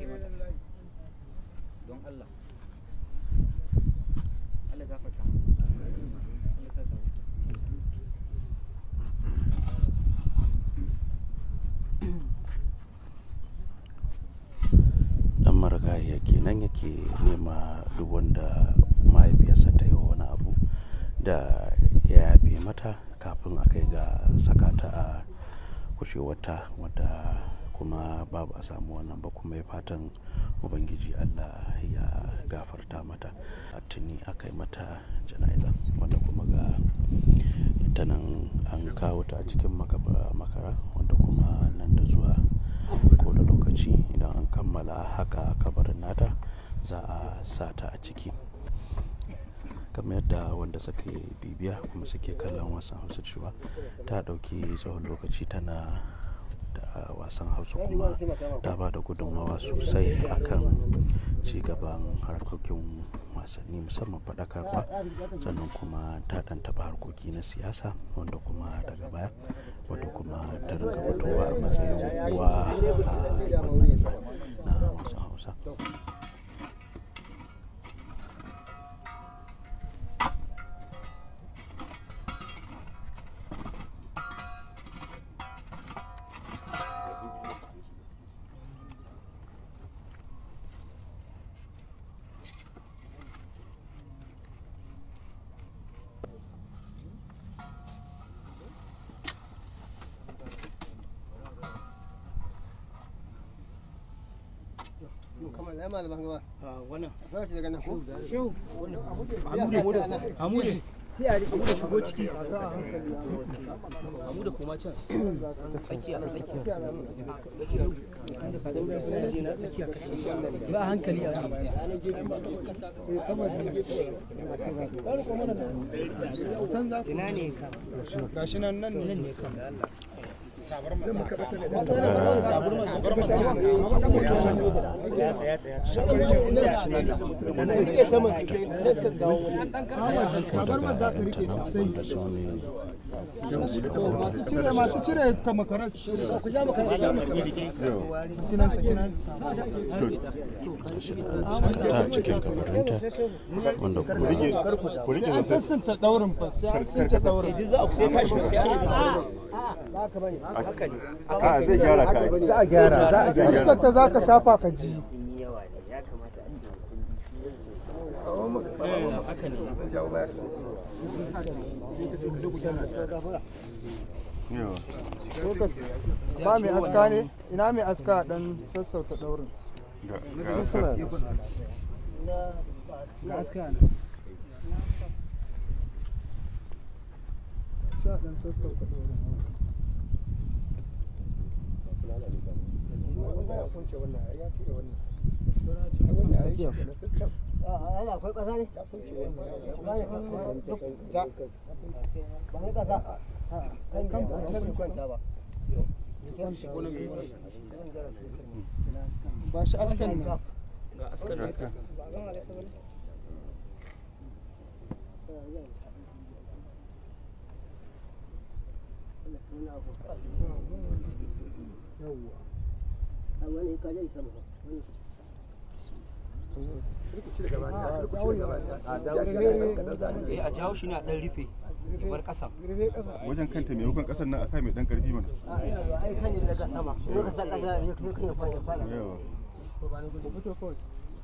kai mata don Allah Allah gafarta fata dan dan yake nema duk wanda mahaifiyarsa ta yi wani abu da ya yafe mata kafin a kai ga sakata a kushewata wadda kuma babu a samu wannan ba kuma ya fatan ubangiji allah ya gafarta mata a tuni aka yi mata jana'iza wanda kuma ga ta nan an kawo ta a cikin makara wanda kuma nan da zuwa ko da lokaci idan an kammala haka kabarin nata za a sa ta a ciki kamar yadda wanda suke bibiya kuma suke kallon wasan hausa cewa ta ɗauki tsawon lokaci tana wasan hausa kuma ta ba da gudunmawa sosai a kan cigaban harkokin wasanni musamman faɗakarwa sannan kuma ta ɗan taɓa harkoki na siyasa wanda kuma daga baya wanda kuma ta rinka fitowa a matsayin uwa a na wasan hausa za su daga nan shehu a a ne nan ne masu cire ta makarar wanda ta daurin fa sai an sun ta daurin a zai gyara kai za a gyara za a gyara iskar ta za ka shafa ka ji ba mai aska ne ina mai aska dan sassauta daurin ga aska ne sha dan sassauta daurin ana akwai ƙasa ne? ba ne shi askan ne ga askan ne Eh, a jawo shi a dan rufe ya bar ƙasa wajen kanta mai hukun ƙasar nan a sa mai dan karfi mana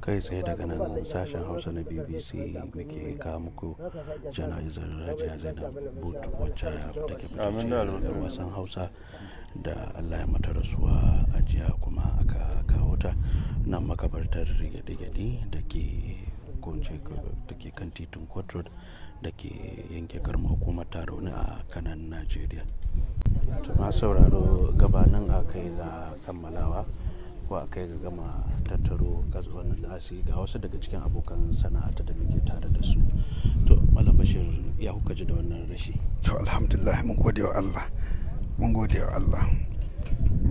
kai tsaye daga nan sashen hausa na bbc muke ka muku jana'izar rajiya zainab butu wacce take fitar da wasan hausa da allah ya mata rasuwa a jiya kuma aka kawo ta nan makabartar rigade-gade da ke da ke kan titin quadrod da ke yanke garma hukumar ne a kanan najeriya tuma sauraro gabanin a kai ga kammalawa ko a kai ga gama tattaro wannan lasi ga wasu daga cikin abokan sana'ata da muke tare da su to malam bashir ya kuka da wannan rashi to alhamdulillah mun gode wa allah mun gode wa Allah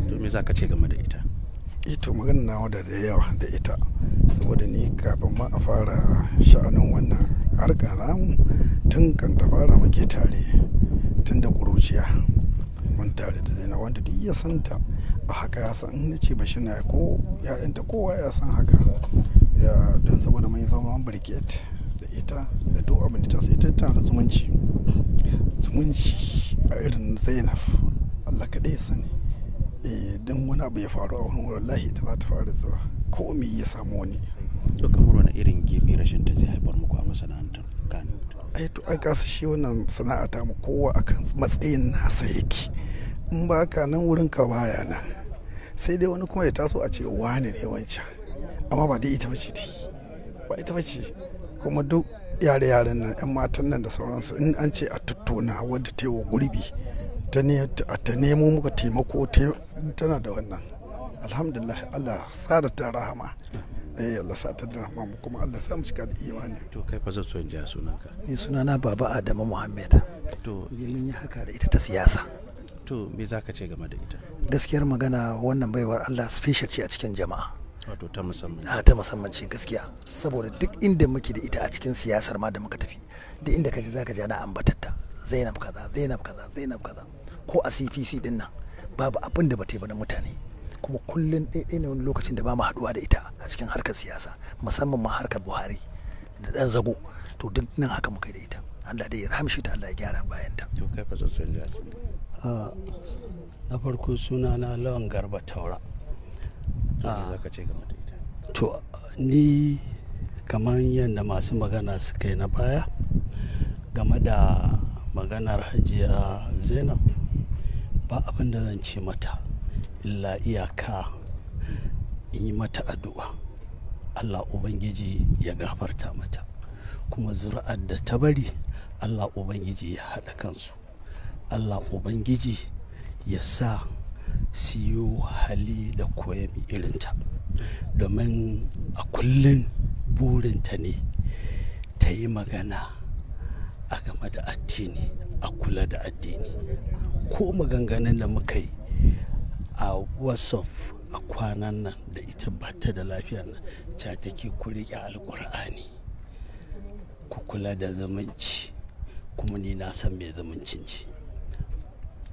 to me zaka ce game da ita ito e, magana na wada da yawa da ita saboda ni kafin ma a fara sha'anin wannan harkar ramu tun kan ta fara muke tare tun da kuruciya mun tare da zaina wanda duk ya santa a haka ya san na ce bashi na ko ya'yanta kowa ya san haka ya don saboda mun zama birket da ita da duk abin da ta sai ta tana zumunci zumunci a irin zainab Allah kaɗai ya sani idan eh, wani abu ya faru a wani lahi ita za ta fara zuwa ko me ya samu wani to kamar wani irin gefe rashin ta zai haifar muku a masana'antar Kannywood ai to ai kasa shi wannan sana'a ta mu kowa akan matsayin nasa yake in ba ka nan wurin ka baya nan sai dai wani kuma ya taso a ce wani ne wancan amma ba dai ita bace ta yi ba ita bace kuma duk yare-yaren nan 'yan matan nan da sauransu in an ce a tattona wadda ta yi wa gurbi ta nemo muka taimako tana da wannan alhamdulillah allah tsara ta rahama eh allah sa ta rahama mu kuma allah sa mu cika da imani to kai fa son so in sunanka ni sunana baba adamu muhammad to ni yi haka da ita ta siyasa to me zaka ce game da ita gaskiyar magana wannan baiwar allah special ce a cikin jama'a wato ta musamman a ah, ta musamman ce gaskiya saboda duk inda muke da ita a cikin siyasar ma da muka tafi duk inda kaje zaka ji ana ambatatta zainab kaza zainab kaza zainab kaza ko a cpc din nan babu abin da ba ta yi ba na mutane kuma kullum ɗaya ne wani lokacin da ba mu haɗuwa da ita a cikin harkar siyasa musamman ma harkar buhari da ɗan zago to duk nan haka muka da ita allah dai ya ramshi ta allah ya gyara bayan ta na farko suna na lawan garba taura ah. to ni kamar yadda masu magana suka yi na baya game da maganar hajiya zainab ba abin da zan ce mata illa iyaka in yi mata addu'a allah ubangiji ya gafarta mata kuma zuri'ar da ta bari allah ubangiji ya haɗa kansu allah ubangiji ya sa siyo hali da koyan irinta domin a kullum burinta ne ta yi magana a game da addini a kula da addini ko maganganun da muka yi a wasof a kwanan nan da ita bata da lafiyar nan ta take ku riƙe alƙur'ani ku kula da zamanci kuma ni na san mai zamancin ci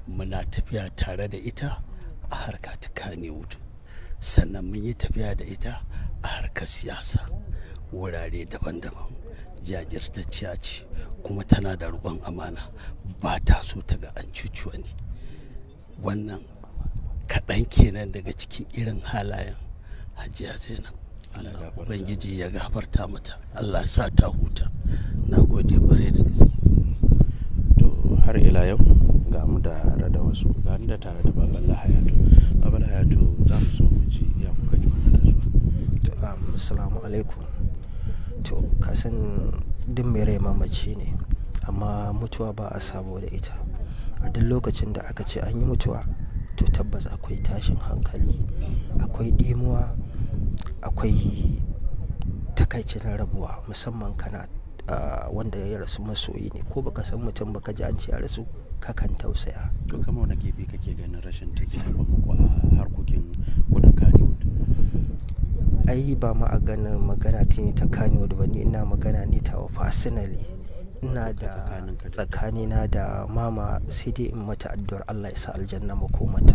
muna tafiya tare da ita a harka ta kane wutu sannan mun yi tafiya da ita a harkar siyasa wurare daban-daban jajirtacciya ce kuma tana da rukon amana ba ta so ta ga an cuci wani wannan kaɗan kenan daga cikin irin halayen hajiya zainab allah ubangiji ya gafarta mata allah sa ta huta na gode kwarai da gaske to har ila yau ga mu da rada wasu ga da tare da babban hayato babban hayato za mu so mu ji ya kuka ji wannan rasuwa to assalamu alaikum to kasan duk mai rai mamaci ne amma mutuwa ba a sabo da ita a duk lokacin da aka ce an yi mutuwa to tabbas akwai tashin hankali akwai ɗimuwa akwai takaicin rabuwa musamman kana wanda ya rasu masoyi ne ko baka san mutum baka ji an ce ya rasu kakan tausaya to kama wani gefe kake ganin rashin ta muku a harkokin kuɗin ai ba ma a ganin magana ta ne ta kani ba ni ina magana ne ta personally ina da tsakanina da mama sai dai in mata addu'ar Allah ya sa aljanna makomata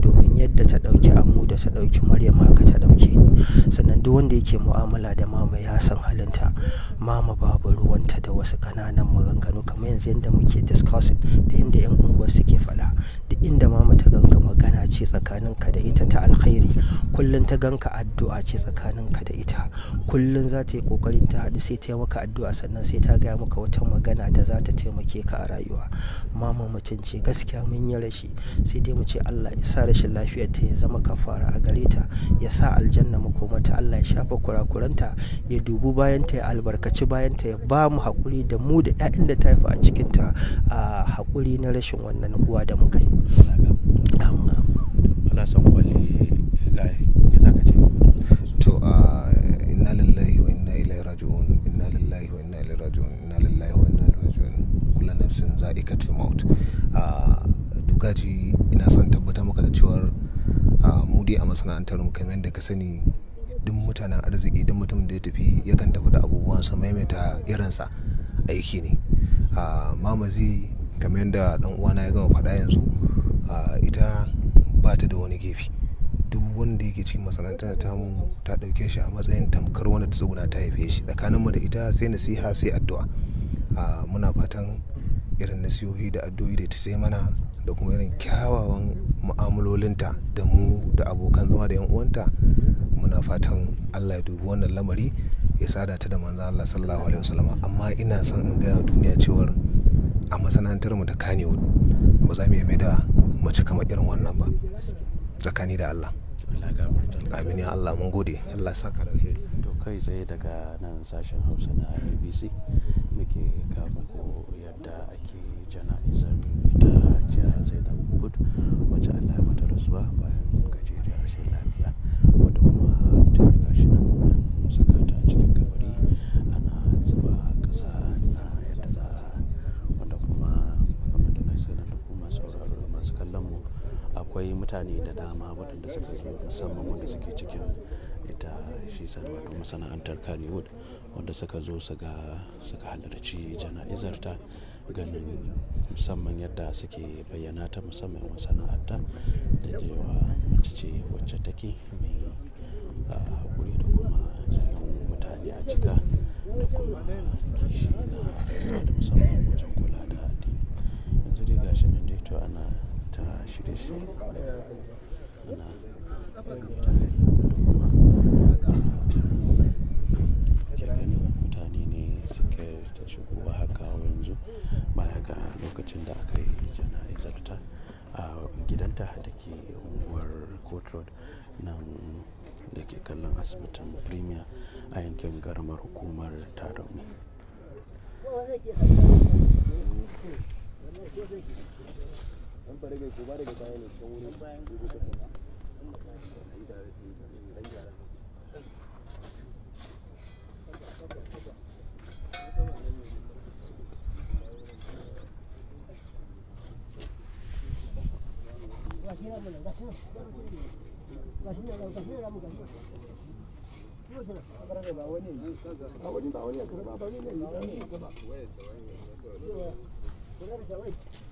domin yadda ta ɗauki amu da ta ɗauki maryam haka ta ɗauke ni sannan duk wanda yake mu'amala da mama ya san halinta mama babu ruwanta da wasu kananan maganganu kamar yanzu yadda muke discussing da yadda yan unguwar suke faɗa inda mama ta ganka magana ce tsakanin ka da ita ta alkhairi kullum ta ganka addu'a ce tsakanin ka da ita kullum za ta yi kokarin ta haɗu sai ta yi maka addu'a sannan sai ta gaya maka wata magana da za ta taimake ka a rayuwa mama mutum ce gaskiya mun yi rashi sai dai mu ce Allah ya sa rashin lafiyar ta ya zama kafara a gare ta ya sa aljanna ta Allah ya shafa kurakuranta ya dubu bayan ta ya albarkaci bayan ta ya ba mu haƙuri da mu da 'ya'yan da ta haifa a ta a haƙuri na rashin wannan uwa da muka yi alasan kwalli ga me za ka wa wa wa ina son tabbatar maka da cewar mu a masana'antar mu ka sani duk mutanen arziki duk mutum da ya tafi yakan tafi da abubuwansa maimaita irinsa aiki ne mamazi kamar yadda dan uwana ya gama faɗa yanzu ita ba ta da wani gefe duk wanda yake cikin masana'antar ta mu ta dauke shi a matsayin tamkar wanda ta tsuguna ta haife shi tsakaninmu da ita sai nasiha sai addu'a muna fatan irin nasihohi da addu'o'i da ta mana da kuma irin kyawawan mu'amalolinta da mu da abokan zama da 'yan uwanta muna fatan allah ya dubi wannan lamari ya sada ta da manzan allah sallallahu alaihi wasallam amma ina son in gaya duniya cewar a masana'antar mu ta kanewood ba za mu yi da mace kamar irin wannan ba tsakani da Allah amin Allah mun gode Allah sa ka alheri to kai tsaye daga nan sashen Hausa na BBC muke kama ko yadda ake jana'izar ta jiya Zainab but wacce Allah ya mata rasuwa bayan gajeriyar rashin lafiya mutane da dama waɗanda suka zo musamman wanda suke cikin ita shi wato masana'antar Kaliwood wanda suka zo suka halarci jana'izar ta ganin musamman yadda suke bayyana ta musamman masana'anta da jewa mace ce wacce take mai ah, haƙuri da kuma jirgin mutane a cika da kuma kishi na da musamman wajen kula da addini yanzu dai gashi nan dai ana ta shirye shi mutane ne suke ta shigowa haka yanzu baya ga lokacin da aka yi jana'izar ta a gidanta da ke unguwar court road nan da ke kallon asibitin premier a yankin garmar hukumar tarauni Thank you. dan ba rage ko ba rage baya ne can wurin bayan gobe ka sana Thank you.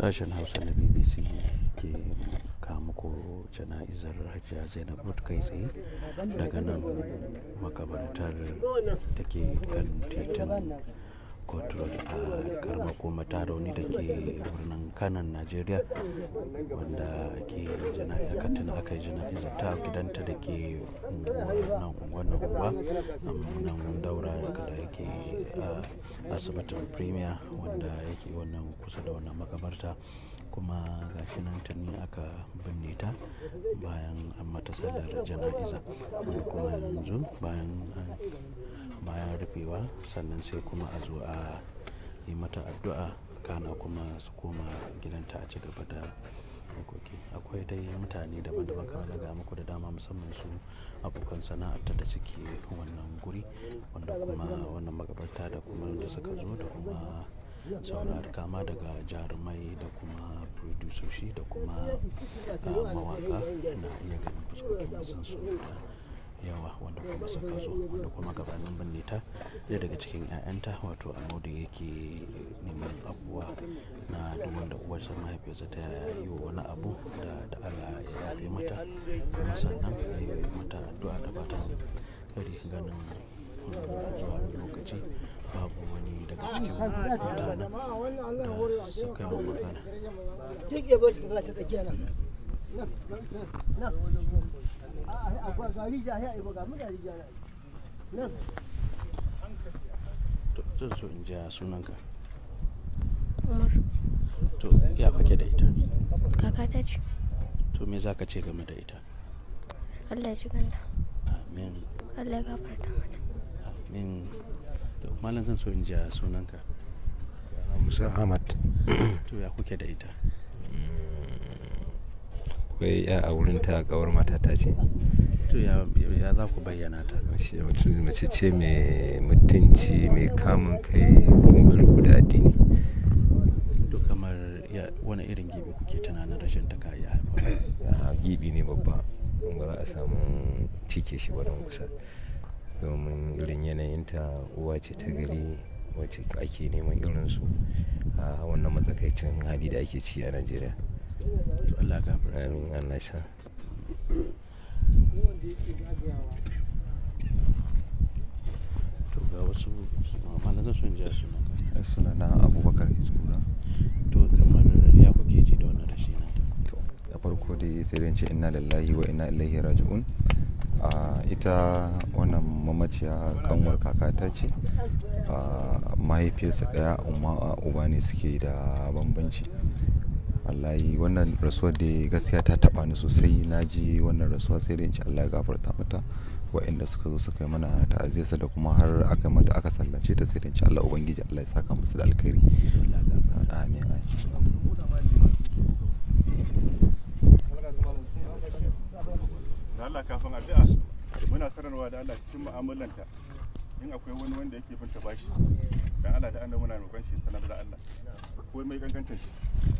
sashen hausa na bbc ke muku jana'izar hajiya zainab bud kai tsaye daga nan makabartar da ke kan titin control a karamar kuma ta rauni da ke birnin kanan nigeria wanda ke jana'a katina aka yi jana'izar ta gidanta da ke nan wannan uwa nan daura da a asibitin premier wanda yake wannan kusa da wannan makabarta kuma ga shi nan tuni aka binne ta bayan an mata sallar jana'iza wani kuma yanzu bayan an. bayan rufewa sannan sai kuma a zo a yi mata addu'a kana kuma su koma gidanta a ci gaba da makoki akwai dai mutane daban-daban kamar daga muku da dama musamman su abokan sana'arta da suke wannan guri wanda kuma wannan magabarta da kuma da suka zo da kuma sauran kama daga jarumai da kuma shi da kuma ah, mawaka na iya ganin fuskokin masan su yawa wanda kuma suka zo wanda kuma gabanin binne ta ɗaya daga cikin 'ya'yanta wato a da yake neman abuwa na duk wanda uwarsa mahaifiyarsa ta yi wa wani abu da da Allah ya yafe mata kuma sannan ya yi mata addu'a da ba ta kari ganin zuwa lokaci babu wani daga cikin mutane da suka yi magana. zan so in ja sunanka to ya kake da ita kaka ta ce to me za ka ce game da ita allah ji ganta amin allah ya gafarta mata amin to malam zan so in ja sunanka musa ahmad to ya kuke da ita akwai ya a wurin ta kawar matata ce to ya za ku bayyana ta mace ce mai mutunci mai kamun kai kuma guda addini to kamar wani irin gibi kuke tunanin rashin ta kayi haifa ah, gibi ne babba ba za a samu cike shi ba kusa domin irin yanayin uwa ce ta gari wacce ake neman irinsu a ah, wannan matsakaicin hali da ake ci a najeriya Allah ka amin Allah to ga wasu sun ja suna na abubakar hizkura to kamar ya kuke ji da wannan rashi na to farko dai sai dai ce inna lillahi wa inna ilaihi raji'un ita wannan mamaciya kanwar kakata ce uh, mahaifiyarsa daya uba ne suke da bambanci wallahi wannan rasuwar da gaskiya ta taba ni sosai na ji wannan rasuwa sai da inci Allah ya gafarta mata waɗanda suka zo suka yi mana ta'aziyarsa da kuma har aka mata aka sallace ta sai da inci Allah ubangiji Allah ya saka musu da alkhairi amin Allah kafin addu'a muna sanarwa da Allah cikin mu'amalanta in akwai wani wanda yake binta bashi dan Allah da annabi muna roƙon shi sanar da Allah ko mai shi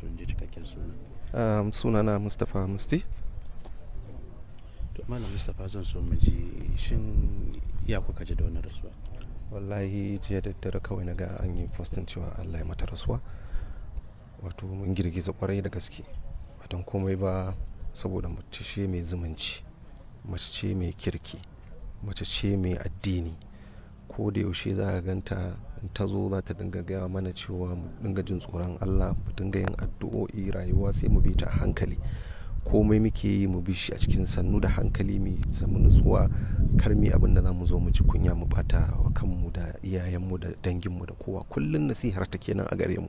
so cikakken suna um, sunana mustapha musti malam mustapha zan so mu ji shin ya kuka ji da wani rasuwa wallahi jiya da dare kawai na ga an yi postin cewa allah ya mata rasuwa wato mun girgiza kwarai da gaske don komai ba saboda mace ce mai zumunci mace ce mai kirki mace ce mai addini ko da yaushe za ka ganta ta zo za ta dinga gaya mana cewa mu dinga jin tsoron Allah mu dinga yin addu'o'i rayuwa sai mu bi ta hankali komai muke yi mu bi shi a cikin sannu da hankali mu samu nutsuwa karmi abin da za mu zo mu ci kunya mu bata wa kanmu da iyayenmu da danginmu da kowa kullun nasihar ta kenan a gare mu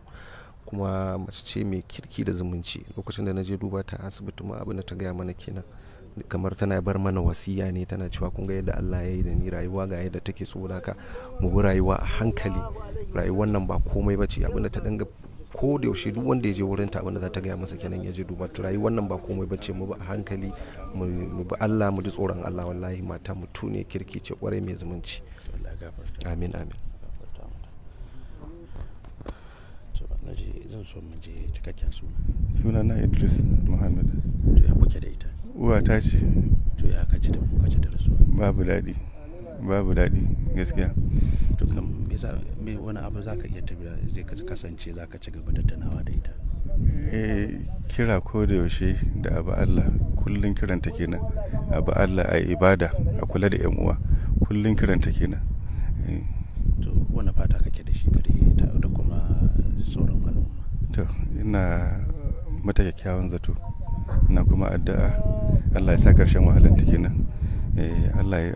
kuma mace ce mai kirki da zumunci lokacin da na je duba ta asibiti ma abin da ta gaya mana kenan kamar tana bar mana wasiya ne tana cewa kun ga yadda Allah ya yi da ni rayuwa ga yadda take so ka mu bi rayuwa a hankali rayuwar nan ba komai ba ce abinda ta danga ko da yaushe duk wanda ya je wurin ta abinda za ta gaya masa kenan ya je duba rayuwar nan ba komai ba ce mu bi a hankali mu bi Allah mu ji tsoron Allah wallahi mata mutu ne kirki ce kwarai mai zumunci amin amin zan so mu je cikakken suna na idris muhammad kuke da ita uwa ta ce to ya kace da kuka ci da rasu babu daɗi babu daɗi gaskiya to kan me wani abu zaka iya tafiya zai kasance zaka ci gaba da tunawa da ita eh kira ko da yaushe da abu Allah kullun kiranta kenan abu Allah a ibada a kula da yan uwa kullun kiranta kenan eh. to wani fata kake da shi gare da kuma sauran al'umma to ina mata kyakkyawan zato ina kuma addu'a Allah ya sa karshen wahalar ta kenan eh, Allah ya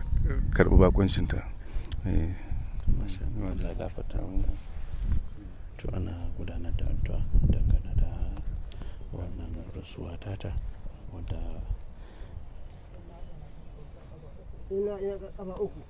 karɓi bakuncin ta eh, to ana gudanar da addu'a dangane da wannan rasuwa tata wadda ina uku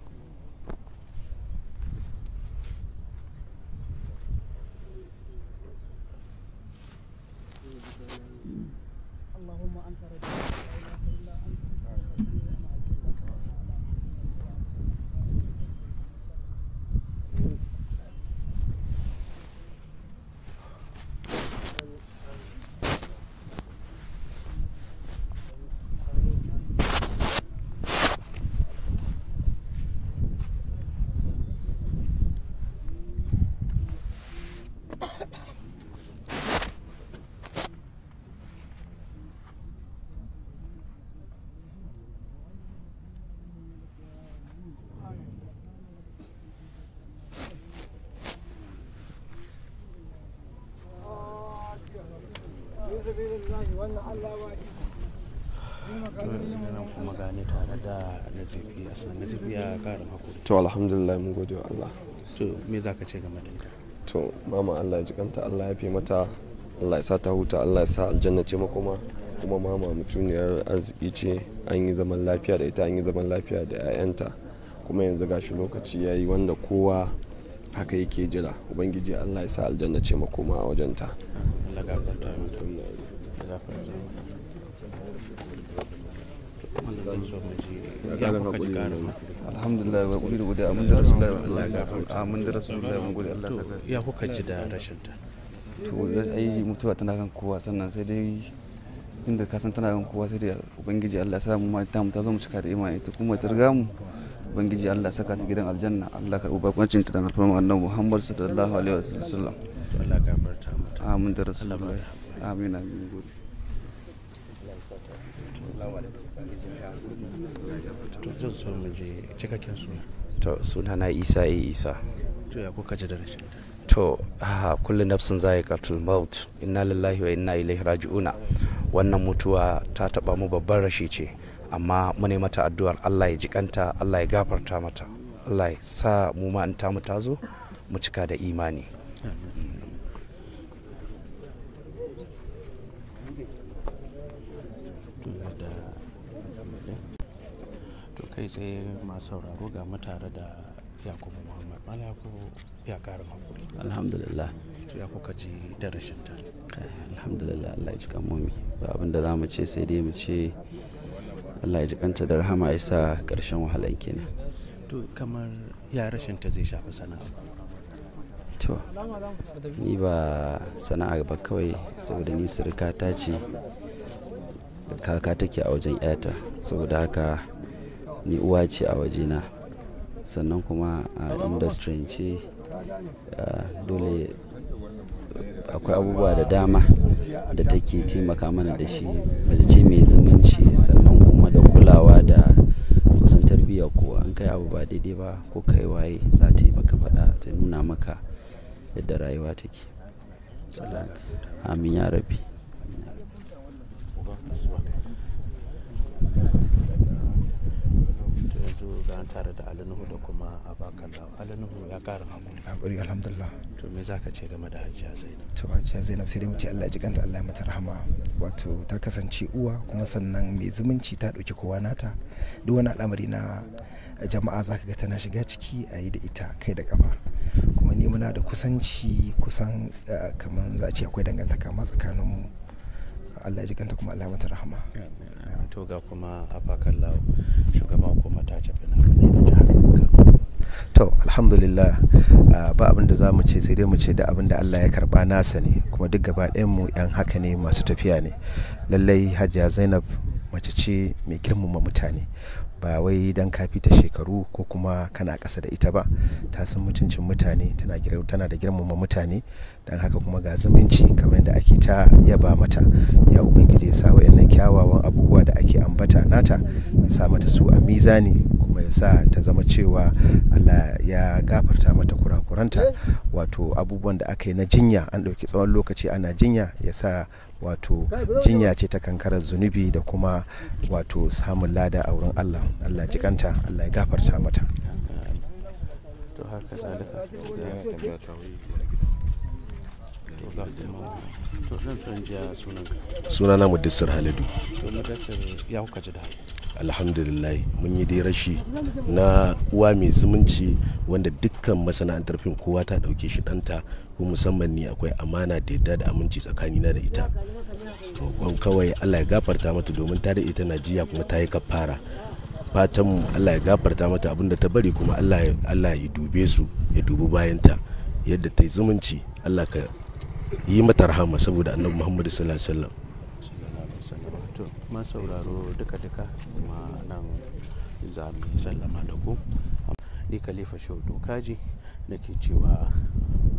kuma gane tare da nazifi san nazifi ya karin to alhamdulillah mun gode wa Allah to me za ka ce game da ita to mama Allah ya jikanta Allah ya fi mata Allah ya sa ta huta Allah ya sa aljanna ce makoma kuma mama mutuniyar arziki ce an yi zaman lafiya da ita an yi zaman lafiya da 'ya'yanta kuma yanzu gashi lokaci ya yi wanda kowa haka yake jira ubangiji Allah ya sa aljanna ce kuma a wajenta got some time with some alhamdulillah ba kuri da gode amin mun gode Allah saka ya kuka ji da rashinta. ta to ai mutuwa tana kan kowa sannan sai dai inda ka san tana kan kowa sai dai ubangiji Allah sa mu mata mu ta zo mu cika da imani ta kuma ta riga mu ubangiji Allah saka ta gidan aljanna Allah karbu bakuncin ta dan alfarma annabi Muhammad sallallahu alaihi wasallam Allah gafarta amin da rasulullahi amin amin gobe to suna na isa a isa to ya kuka ji da rashin to ha ah, kullu nafsin za'iqatul maut inna lillahi wa inna ilaihi raji'una wannan mutuwa ta taba mu babban rashi ce amma mu ne mata addu'ar Allah ya jikanta Allah ya gafarta mata Allah ya sa mu ma in ta mu tazo mu cika da imani kai tsaye masu sauraro ga mu tare da yakubu muhammad mana yakubu ya karin hakuri alhamdulillah to ya kuka ji da rashin ta eh, alhamdulillah allah ya ji kamomi ba abin da za mu ce sai dai mu ce allah ya ji kanta da rahama ya sa karshen wahalan kenan to kamar ya rashin ta zai shafi sana'a to ni ba sana'a ba kawai saboda ni sirka ta ce kaka take a wajen 'yata saboda haka ni uwa ce a wajena sannan kuma a industry ce dole akwai abubuwa da dama da take taimaka mana da shi mace ce mai zumunci sannan kuma da kulawa da kusan tarbiyya ko an kai abu ba daidai ba ko kai waye za ta yi maka faɗa ta nuna maka yadda rayuwa take amin ya rabi yanzu ga tare da alinuhu da kuma abakalla alinuhu ya karin hakuri alhamdulillah to me za ka ce game da hajiya zainab to hajiya zainab sai dai mu ce Allah ji jikanta Allah ya mata rahama wato ta kasance uwa kuma sannan mai zumunci ta dauki kowa nata duk wani al'amari na jama'a za ka ga tana shiga ciki a yi da ita kai da kafa kuma ni muna da kusanci kusan kamar za a ce akwai dangantaka ma tsakaninmu Allah ya jikanta kuma Allah ya mata rahama to ga kuma afakan lawo shugaban kuma ta cafi na na jihar to alhamdulillah ba abin da za mu ce sai dai mu ce da abin da allah ya karba nasa ne kuma duk gaba mu yan haka ne masu tafiya ne lallai hajiya zainab mace ce mai girmama mutane ba wai dan ka fita shekaru ko kuma kana ƙasa da ita ba ta san mutuncin mutane tana tana da girmama mutane don haka kuma ga zumunci kamar da ake ta yaba mata ya ubangiji ya sa wayannan kyawawan abubuwa da ake ambata nata ya sa mata su a mizani kuma ya sa ta zama cewa Allah ya gafarta mata kurakuranta wato abubuwan da aka yi na jinya an ɗauki tsawon lokaci ana jinya ya sa wato jinya ce ta kankarar zunubi da kuma wato samun lada a wurin allah allah jikanta allah ya gafarta mata to ka suna na so haladu alhamdulillah mun yi dai rashi na uwa mai zumunci wanda dukkan masana'antar fim kowa ta dauke shi danta ko musamman ni akwai amana da yadda da aminci tsakani na da ita kwan kawai allah ya gafarta mata domin ta da ita na jiya kuma ta yi kafara fatan mu allah ya gafarta mata abun da ta bari kuma allah ya dube su ya dubi bayanta yadda ta yi zumunci allah ka yi mata rahama saboda annabi muhammadu sallallahu alaihi wasallam to ma sauraro duka duka ma nan za mu sallama da ku ni khalifa shaudu kaji da ke cewa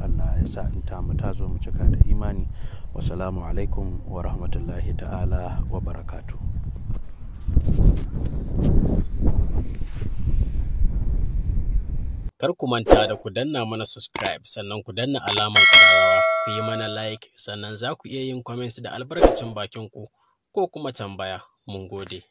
allah ya sa in tamu ta zo mu cika da imani wasalamu alaikum wa rahmatullahi ta'ala wa barakatu kar ku manta da ku danna mana subscribe sannan ku danna alamar karawa ku yi mana like sannan za ku iya yin comments da albarkacin bakin ku ko kuma tambaya mun gode